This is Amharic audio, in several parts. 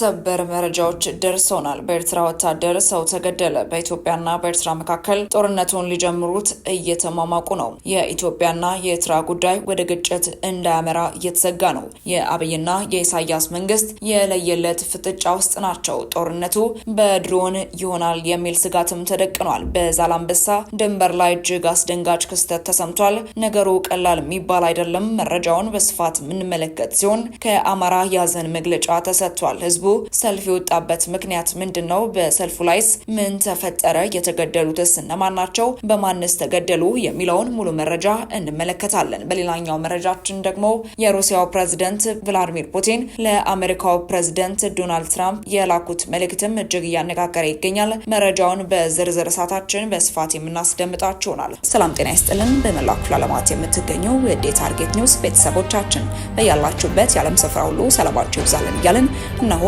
ሰበር መረጃዎች ደርሰውናል። በኤርትራ ወታደር ሰው ተገደለ። በኢትዮጵያና በኤርትራ መካከል ጦርነቱን ሊጀምሩት እየተሟሟቁ ነው። የኢትዮጵያና የኤርትራ ጉዳይ ወደ ግጭት እንዳያመራ እየተሰጋ ነው። የአብይና የኢሳያስ መንግስት የለየለት ፍጥጫ ውስጥ ናቸው። ጦርነቱ በድሮን ይሆናል የሚል ስጋትም ተደቅኗል። በዛላምበሳ ድንበር ላይ እጅግ አስደንጋጭ ክስተት ተሰምቷል። ነገሩ ቀላል የሚባል አይደለም። መረጃውን በስፋት የምንመለከት ሲሆን ከአማራ የሀዘን መግለጫ ተሰጥቷል። ህዝቡ ሰልፍ የወጣበት ምክንያት ምንድን ነው? በሰልፉ ላይስ ምን ተፈጠረ? የተገደሉትስ እነማን ናቸው? በማንስ ተገደሉ? የሚለውን ሙሉ መረጃ እንመለከታለን። በሌላኛው መረጃችን ደግሞ የሩሲያው ፕሬዝደንት ቭላዲሚር ፑቲን ለአሜሪካው ፕሬዝደንት ዶናልድ ትራምፕ የላኩት መልእክትም እጅግ እያነጋገረ ይገኛል። መረጃውን በዝርዝር እሳታችን በስፋት የምናስደምጣችሁ ይሆናል። ሰላም ጤና ይስጥልን። በመላ ክፍለ ዓለማት የምትገኙ የዴ ታርጌት ኒውስ ቤተሰቦቻችን በያላችሁበት የዓለም ስፍራ ሁሉ ሰላማችሁ ይብዛልን እያልን እነሆ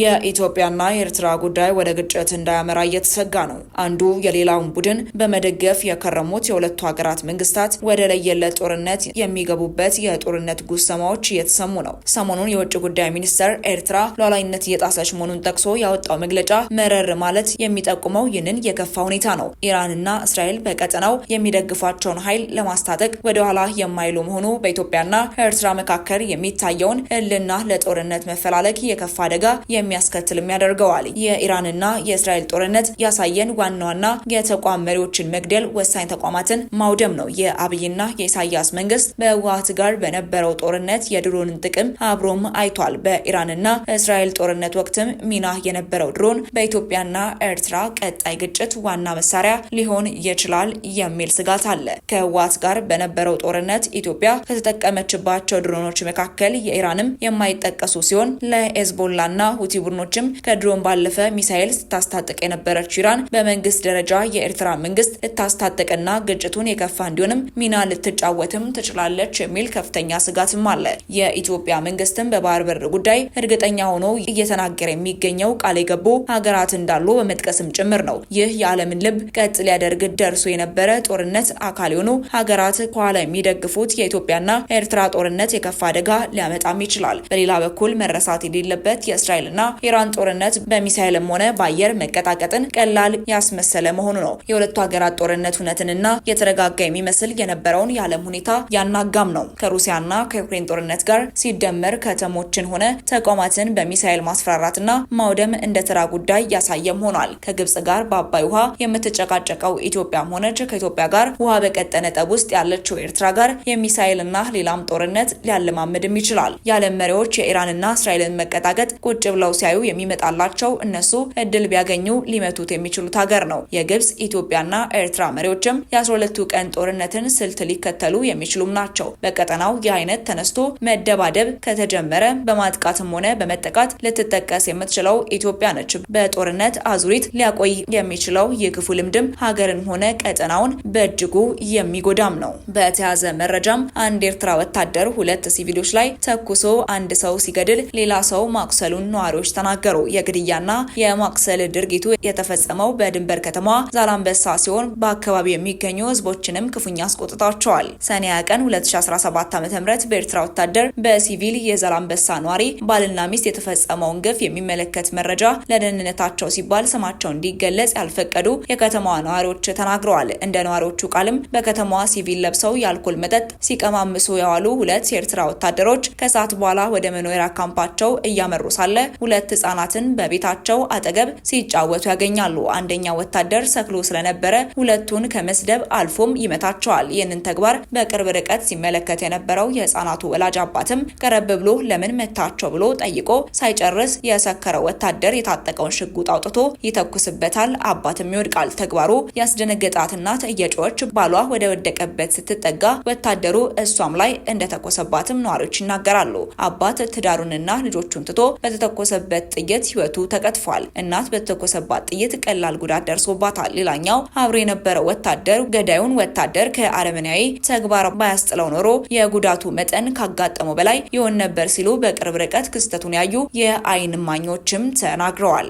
የኢትዮጵያና የኤርትራ ጉዳይ ወደ ግጭት እንዳያመራ እየተሰጋ ነው። አንዱ የሌላውን ቡድን በመደገፍ የከረሙት የሁለቱ ሀገራት መንግስታት ወደ ለየለት ጦርነት የሚገቡበት የጦርነት ጉሰማዎች እየተሰሙ ነው። ሰሞኑን የውጭ ጉዳይ ሚኒስቴር ኤርትራ ሉዓላዊነት እየጣሰች መሆኑን ጠቅሶ ያወጣው መግለጫ መረር ማለት የሚጠቁመው ይህንን የከፋ ሁኔታ ነው። ኢራንና እስራኤል በቀጠናው የሚደግፏቸውን ኃይል ለማስታጠቅ ወደኋላ የማይሉ መሆኑ በኢትዮጵያና ኤርትራ መካከል የሚታየውን እልና ለጦርነት መፈላለግ የከፋ አደጋ የሚያስከትልም ያደርገዋል። የኢራንና የእስራኤል ጦርነት ያሳየን ዋና ዋና የተቋም መሪዎችን መግደል፣ ወሳኝ ተቋማትን ማውደም ነው። የአብይና የኢሳያስ መንግስት በህወሓት ጋር በነበረው ጦርነት የድሮንን ጥቅም አብሮም አይቷል። በኢራንና እስራኤል ጦርነት ወቅትም ሚና የነበረው ድሮን በኢትዮጵያና ኤርትራ ቀጣይ ግጭት ዋና መሳሪያ ሊሆን ይችላል የሚል ስጋት አለ። ከህወሓት ጋር በነበረው ጦርነት ኢትዮጵያ ከተጠቀመችባቸው ድሮኖች መካከል የኢራንም የማይጠቀሱ ሲሆን ለሄዝቦላና ሁቲ ሁቲ ቡድኖችም ከድሮን ባለፈ ሚሳኤል ስታስታጥቅ የነበረችው ኢራን በመንግስት ደረጃ የኤርትራ መንግስት ልታስታጥቅና ግጭቱን የከፋ እንዲሆንም ሚና ልትጫወትም ትችላለች የሚል ከፍተኛ ስጋትም አለ። የኢትዮጵያ መንግስትም በባህር በር ጉዳይ እርግጠኛ ሆኖ እየተናገረ የሚገኘው ቃል የገቡ ሀገራት እንዳሉ በመጥቀስም ጭምር ነው። ይህ የዓለምን ልብ ቀጥ ሊያደርግ ደርሶ የነበረ ጦርነት አካል የሆኑ ሀገራት ከኋላ የሚደግፉት የኢትዮጵያና ኤርትራ ጦርነት የከፋ አደጋ ሊያመጣም ይችላል። በሌላ በኩል መረሳት የሌለበት የእስራኤልና ና ኢራን ጦርነት በሚሳይልም ሆነ በአየር መቀጣቀጥን ቀላል ያስመሰለ መሆኑ ነው። የሁለቱ ሀገራት ጦርነት እውነትንና የተረጋጋ የሚመስል የነበረውን የዓለም ሁኔታ ያናጋም ነው። ከሩሲያና ከዩክሬን ጦርነት ጋር ሲደመር ከተሞችን ሆነ ተቋማትን በሚሳይል ማስፈራራትና ማውደም እንደ ተራ ጉዳይ ያሳየም ሆኗል። ከግብጽ ጋር በአባይ ውሃ የምትጨቃጨቀው ኢትዮጵያም ሆነች ከኢትዮጵያ ጋር ውሃ በቀጠነ ጠብ ውስጥ ያለችው ኤርትራ ጋር የሚሳይልና ሌላም ጦርነት ሊያለማምድም ይችላል። የዓለም መሪዎች የኢራንና እስራኤልን መቀጣቀጥ ቁጭ ብለው ጠቅልለው ሲያዩ የሚመጣላቸው እነሱ እድል ቢያገኙ ሊመቱት የሚችሉት ሀገር ነው። የግብጽ ኢትዮጵያና ኤርትራ መሪዎችም 12 ቱ ቀን ጦርነትን ስልት ሊከተሉ የሚችሉም ናቸው። በቀጠናው ይህ አይነት ተነስቶ መደባደብ ከተጀመረ በማጥቃትም ሆነ በመጠቃት ልትጠቀስ የምትችለው ኢትዮጵያ ነች። በጦርነት አዙሪት ሊያቆይ የሚችለው የክፉ ልምድም ሀገርን ሆነ ቀጠናውን በእጅጉ የሚጎዳም ነው። በተያዘ መረጃም አንድ ኤርትራ ወታደር ሁለት ሲቪሎች ላይ ተኩሶ አንድ ሰው ሲገድል ሌላ ሰው ማቁሰሉን ነዋሪ ነዋሪዎች ተናገሩ። የግድያና የማቅሰል ድርጊቱ የተፈጸመው በድንበር ከተማ ዛላንበሳ ሲሆን በአካባቢው የሚገኙ ህዝቦችንም ክፉኛ አስቆጥታቸዋል። ሰኔ 20 ቀን 2017 ዓ.ም በኤርትራ ወታደር በሲቪል የዛላንበሳ ነዋሪ ባልና ሚስት የተፈጸመውን ግፍ የሚመለከት መረጃ ለደህንነታቸው ሲባል ስማቸው እንዲገለጽ ያልፈቀዱ የከተማዋ ነዋሪዎች ተናግረዋል። እንደ ነዋሪዎቹ ቃልም በከተማዋ ሲቪል ለብሰው የአልኮል መጠጥ ሲቀማምሱ የዋሉ ሁለት የኤርትራ ወታደሮች ከሰዓት በኋላ ወደ መኖሪያ ካምፓቸው እያመሩ ሳለ ሁለት ህጻናትን በቤታቸው አጠገብ ሲጫወቱ ያገኛሉ። አንደኛው ወታደር ሰክሎ ስለነበረ ሁለቱን ከመስደብ አልፎም ይመታቸዋል። ይህንን ተግባር በቅርብ ርቀት ሲመለከት የነበረው የህጻናቱ ወላጅ አባትም ቀረብ ብሎ ለምን መታቸው ብሎ ጠይቆ ሳይጨርስ የሰከረው ወታደር የታጠቀውን ሽጉጥ አውጥቶ ይተኩስበታል። አባትም ይወድቃል። ተግባሩ ያስደነገጣት እናት እየጮች ባሏ ወደ ወደቀበት ስትጠጋ ወታደሩ እሷም ላይ እንደተኮሰባትም ነዋሪዎች ይናገራሉ። አባት ትዳሩንና ልጆቹን ትቶ በተተኮሰ በተተኮሰበት ጥይት ህይወቱ ተቀጥፏል። እናት በተተኮሰባት ጥይት ቀላል ጉዳት ደርሶባታል። ሌላኛው አብሮ የነበረው ወታደር ገዳዩን ወታደር ከአረመናዊ ተግባር ባያስጥለው ኖሮ የጉዳቱ መጠን ካጋጠመው በላይ ይሆን ነበር ሲሉ በቅርብ ርቀት ክስተቱን ያዩ የአይን እማኞችም ተናግረዋል።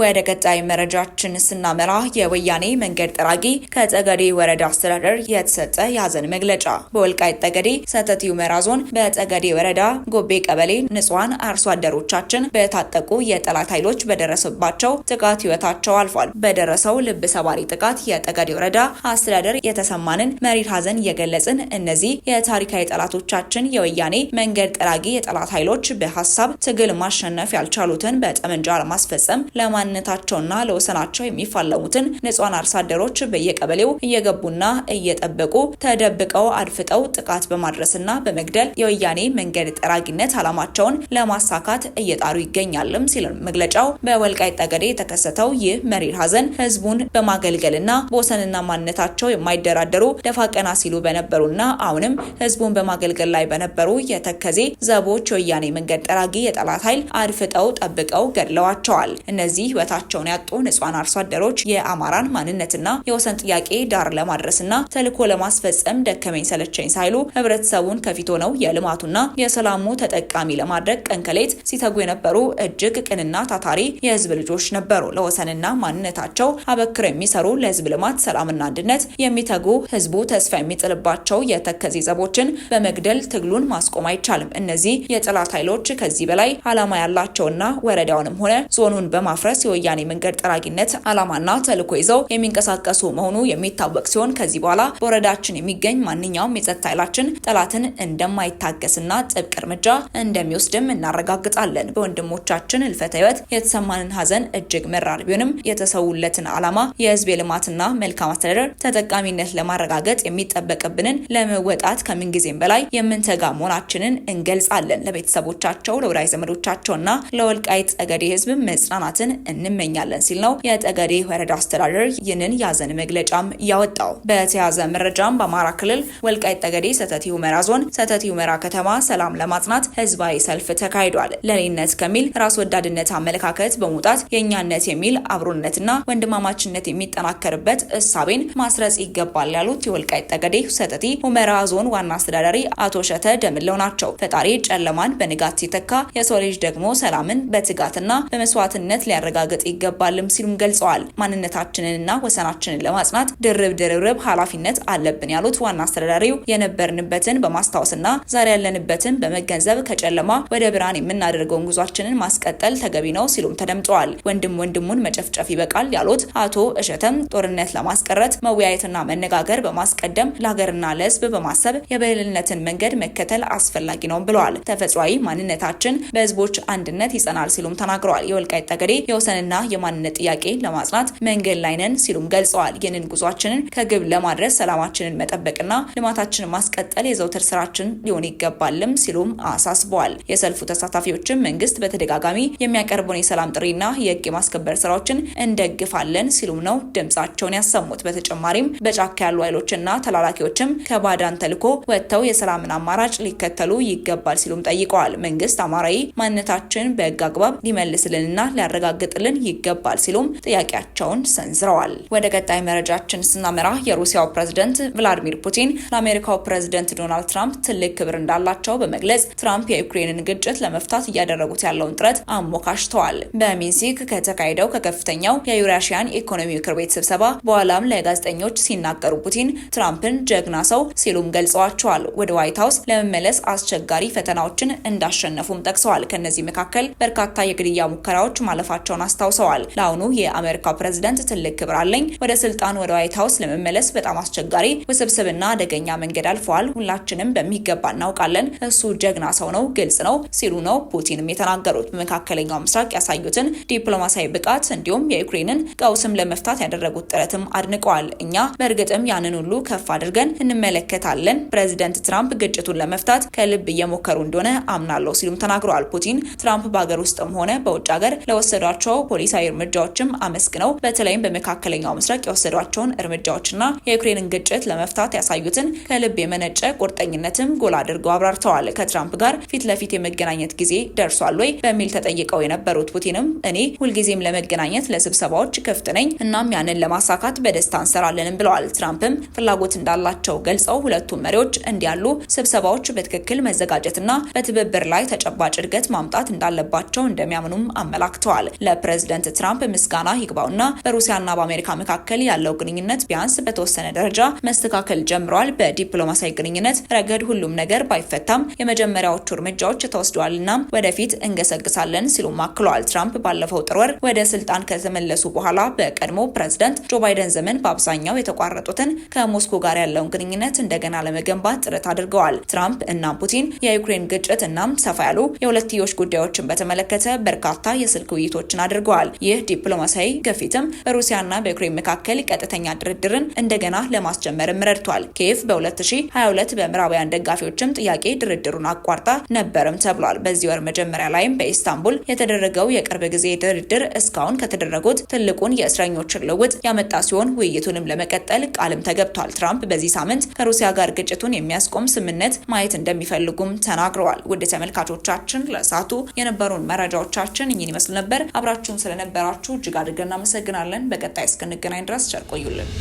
ወደ ቀጣይ መረጃችን ስናመራ የወያኔ መንገድ ጠራጊ ከጠገዴ ወረዳ አስተዳደር የተሰጠ የሀዘን መግለጫ። በወልቃይት ጠገዴ ሰተት ሁመራ ዞን በጠገዴ ወረዳ ጎቤ ቀበሌ ንጹሐን አርሶ አደሮቻችን በታጠቁ የጠላት ኃይሎች በደረሰባቸው ጥቃት ህይወታቸው አልፏል። በደረሰው ልብ ሰባሪ ጥቃት የጠገዴ ወረዳ አስተዳደር የተሰማንን መሪር ሀዘን እየገለጽን እነዚህ የታሪካዊ ጠላቶቻችን የወያኔ መንገድ ጠራጊ የጠላት ኃይሎች በሀሳብ ትግል ማሸነፍ ያልቻሉትን በጠመንጃ ለማስፈጸም ለማ ለማንነታቸውና ለወሰናቸው የሚፋለሙትን ንጹሃን አርሶ አደሮች በየቀበሌው እየገቡና እየጠበቁ ተደብቀው አድፍጠው ጥቃት በማድረስና በመግደል የወያኔ መንገድ ጠራጊነት ዓላማቸውን ለማሳካት እየጣሩ ይገኛልም ሲል መግለጫው በወልቃይት ጠገዴ የተከሰተው ይህ መሪር ሀዘን ህዝቡን በማገልገልና በወሰንና ማንነታቸው የማይደራደሩ ደፋ ቀና ሲሉ በነበሩና አሁንም ህዝቡን በማገልገል ላይ በነበሩ የተከዜ ዘቦች የወያኔ መንገድ ጠራጊ የጠላት ኃይል አድፍጠው ጠብቀው ገድለዋቸዋል። እነዚህ ህይወታቸውን ያጡ ንጹሃን አርሶ አደሮች የአማራን ማንነትና የወሰን ጥያቄ ዳር ለማድረስና ተልዕኮ ለማስፈጸም ደከመኝ ሰለቸኝ ሳይሉ ህብረተሰቡን ከፊት ሆነው የልማቱና የሰላሙ ተጠቃሚ ለማድረግ ቀንከሌት ሲተጉ የነበሩ እጅግ ቅንና ታታሪ የህዝብ ልጆች ነበሩ። ለወሰንና ማንነታቸው አበክረው የሚሰሩ ለህዝብ ልማት፣ ሰላምና አንድነት የሚተጉ ህዝቡ ተስፋ የሚጥልባቸው የተከዜ ዘቦችን በመግደል ትግሉን ማስቆም አይቻልም። እነዚህ የጠላት ኃይሎች ከዚህ በላይ ዓላማ ያላቸውና ወረዳውንም ሆነ ዞኑን በማፍረስ የወያኔ መንገድ ጠራጊነት አላማና ተልዕኮ ይዘው የሚንቀሳቀሱ መሆኑ የሚታወቅ ሲሆን ከዚህ በኋላ በወረዳችን የሚገኝ ማንኛውም የጸጥታ ኃይላችን ጠላትን እንደማይታገስና ጥብቅ እርምጃ እንደሚወስድም እናረጋግጣለን። በወንድሞቻችን እልፈተ ህይወት የተሰማንን ሀዘን እጅግ መራር ቢሆንም የተሰውለትን ዓላማ የህዝብ የልማትና መልካም አስተዳደር ተጠቃሚነት ለማረጋገጥ የሚጠበቅብንን ለመወጣት ከምንጊዜም በላይ የምንተጋ መሆናችንን እንገልጻለን። ለቤተሰቦቻቸው፣ ለወዳጅ ዘመዶቻቸውና ለወልቃይት ጸገዴ ህዝብ መጽናናትን እንመኛለን ሲል ነው የጠገዴ ወረዳ አስተዳደር ይህንን ያዘን መግለጫም ያወጣው። በተያዘ መረጃም በአማራ ክልል ወልቃይ ጠገዴ ሰተቲ ሁመራ ዞን ሰተቲ ሁመራ ከተማ ሰላም ለማጽናት ህዝባዊ ሰልፍ ተካሂዷል። ለኔነት ከሚል ራስ ወዳድነት አመለካከት በመውጣት የእኛነት የሚል አብሮነትና ወንድማማችነት የሚጠናከርበት እሳቤን ማስረጽ ይገባል ያሉት የወልቃይ ጠገዴ ሰተቲ ሁመራ ዞን ዋና አስተዳዳሪ አቶ ሸተ ደምለው ናቸው። ፈጣሪ ጨለማን በንጋት ሲተካ የሰው ልጅ ደግሞ ሰላምን በትጋትና በመስዋዕትነት ሊያረጋ ማረጋገጥ ይገባልም ሲሉም ገልጸዋል። ማንነታችንንና ወሰናችንን ለማጽናት ድርብ ድርብ ኃላፊነት አለብን ያሉት ዋና አስተዳዳሪው የነበርንበትን በማስታወስና ዛሬ ያለንበትን በመገንዘብ ከጨለማ ወደ ብርሃን የምናደርገውን ጉዟችንን ማስቀጠል ተገቢ ነው ሲሉም ተደምጠዋል። ወንድም ወንድሙን መጨፍጨፍ ይበቃል ያሉት አቶ እሸተም ጦርነት ለማስቀረት መወያየትና መነጋገር በማስቀደም ለሀገርና ለሕዝብ በማሰብ የበልልነትን መንገድ መከተል አስፈላጊ ነው ብለዋል። ተፈጥሯዊ ማንነታችን በህዝቦች አንድነት ይጸናል ሲሉም ተናግረዋል። የወልቃይት ጠገዴ የወሰ ወሰንና የማንነት ጥያቄ ለማጽናት መንገድ ላይ ነን ሲሉም ገልጸዋል። ይህንን ጉዟችንን ከግብ ለማድረስ ሰላማችንን መጠበቅና ልማታችንን ማስቀጠል የዘውትር ስራችን ሊሆን ይገባልም ሲሉም አሳስበዋል። የሰልፉ ተሳታፊዎችም መንግስት በተደጋጋሚ የሚያቀርበውን የሰላም ጥሪና የህግ የማስከበር ስራዎችን እንደግፋለን ሲሉም ነው ድምጻቸውን ያሰሙት። በተጨማሪም በጫካ ያሉ ኃይሎችና ተላላኪዎችም ከባዳን ተልኮ ወጥተው የሰላምን አማራጭ ሊከተሉ ይገባል ሲሉም ጠይቀዋል። መንግስት አማራዊ ማንነታችን በህግ አግባብ ሊመልስልንና ሊያረጋግጥ ሊያረጋግጥልን ይገባል ሲሉም ጥያቄያቸውን ሰንዝረዋል። ወደ ቀጣይ መረጃችን ስናመራ የሩሲያው ፕሬዝደንት ቭላዲሚር ፑቲን ለአሜሪካው ፕሬዝደንት ዶናልድ ትራምፕ ትልቅ ክብር እንዳላቸው በመግለጽ ትራምፕ የዩክሬንን ግጭት ለመፍታት እያደረጉት ያለውን ጥረት አሞካሽተዋል። በሚንሲክ ከተካሄደው ከከፍተኛው የዩራሽያን ኢኮኖሚ ምክር ቤት ስብሰባ በኋላም ለጋዜጠኞች ሲናገሩ ፑቲን ትራምፕን ጀግና ሰው ሲሉም ገልጸዋቸዋል። ወደ ዋይት ሀውስ ለመመለስ አስቸጋሪ ፈተናዎችን እንዳሸነፉም ጠቅሰዋል። ከእነዚህ መካከል በርካታ የግድያ ሙከራዎች ማለፋቸውን ኦባማ አስታውሰዋል። ለአሁኑ የአሜሪካው ፕሬዝደንት ትልቅ ክብር አለኝ። ወደ ስልጣን ወደ ዋይት ሀውስ ለመመለስ በጣም አስቸጋሪ፣ ውስብስብና አደገኛ መንገድ አልፈዋል። ሁላችንም በሚገባ እናውቃለን። እሱ ጀግና ሰው ነው፣ ግልጽ ነው ሲሉ ነው ፑቲንም የተናገሩት። በመካከለኛው ምስራቅ ያሳዩትን ዲፕሎማሲያዊ ብቃት እንዲሁም የዩክሬንን ቀውስም ለመፍታት ያደረጉት ጥረትም አድንቀዋል። እኛ በእርግጥም ያንን ሁሉ ከፍ አድርገን እንመለከታለን። ፕሬዚደንት ትራምፕ ግጭቱን ለመፍታት ከልብ እየሞከሩ እንደሆነ አምናለሁ ሲሉም ተናግረዋል። ፑቲን ትራምፕ በሀገር ውስጥም ሆነ በውጭ ሀገር ለወሰዷቸው ፖሊሳዊ እርምጃዎችም አመስግነው በተለይም በመካከለኛው ምስራቅ የወሰዷቸውን እርምጃዎችና የዩክሬንን ግጭት ለመፍታት ያሳዩትን ከልብ የመነጨ ቁርጠኝነትም ጎላ አድርገው አብራርተዋል። ከትራምፕ ጋር ፊት ለፊት የመገናኘት ጊዜ ደርሷል ወይ በሚል ተጠይቀው የነበሩት ፑቲንም እኔ ሁልጊዜም ለመገናኘት ለስብሰባዎች ክፍት ነኝ፣ እናም ያንን ለማሳካት በደስታ እንሰራለንም ብለዋል። ትራምፕም ፍላጎት እንዳላቸው ገልጸው ሁለቱም መሪዎች እንዲያሉ ስብሰባዎች በትክክል መዘጋጀትና በትብብር ላይ ተጨባጭ እድገት ማምጣት እንዳለባቸው እንደሚያምኑም አመላክተዋል። ለፕሬዝደንት ትራምፕ ምስጋና ይግባውና በሩሲያና በአሜሪካ መካከል ያለው ግንኙነት ቢያንስ በተወሰነ ደረጃ መስተካከል ጀምሯል። በዲፕሎማሲያዊ ግንኙነት ረገድ ሁሉም ነገር ባይፈታም የመጀመሪያዎቹ እርምጃዎች ተወስደዋል፣ ወደፊት እንገሰግሳለን ሲሉም አክለዋል። ትራምፕ ባለፈው ጥር ወር ወደ ስልጣን ከተመለሱ በኋላ በቀድሞ ፕሬዝደንት ጆ ባይደን ዘመን በአብዛኛው የተቋረጡትን ከሞስኮ ጋር ያለውን ግንኙነት እንደገና ለመገንባት ጥረት አድርገዋል። ትራምፕ እናም ፑቲን የዩክሬን ግጭት እናም ሰፋ ያሉ የሁለትዮሽ ጉዳዮችን በተመለከተ በርካታ የስልክ ውይይቶችን አድርገዋል። ይህ ዲፕሎማሲያዊ ግፊትም በሩሲያና በዩክሬን መካከል ቀጥተኛ ድርድርን እንደገና ለማስጀመርም ረድቷል። ኪየቭ በ2022 በምዕራባውያን ደጋፊዎችም ጥያቄ ድርድሩን አቋርጣ ነበርም ተብሏል። በዚህ ወር መጀመሪያ ላይም በኢስታንቡል የተደረገው የቅርብ ጊዜ ድርድር እስካሁን ከተደረጉት ትልቁን የእስረኞችን ልውጥ ያመጣ ሲሆን ውይይቱንም ለመቀጠል ቃልም ተገብቷል። ትራምፕ በዚህ ሳምንት ከሩሲያ ጋር ግጭቱን የሚያስቆም ስምምነት ማየት እንደሚፈልጉም ተናግረዋል። ውድ ተመልካቾቻችን ለእሳቱ የነበሩን መረጃዎቻችን እኚህን ይመስል ነበር አብራችሁ አብራችሁን ስለነበራችሁ እጅግ አድርገን እናመሰግናለን። በቀጣይ እስክንገናኝ ድረስ ቸር ቆዩልን።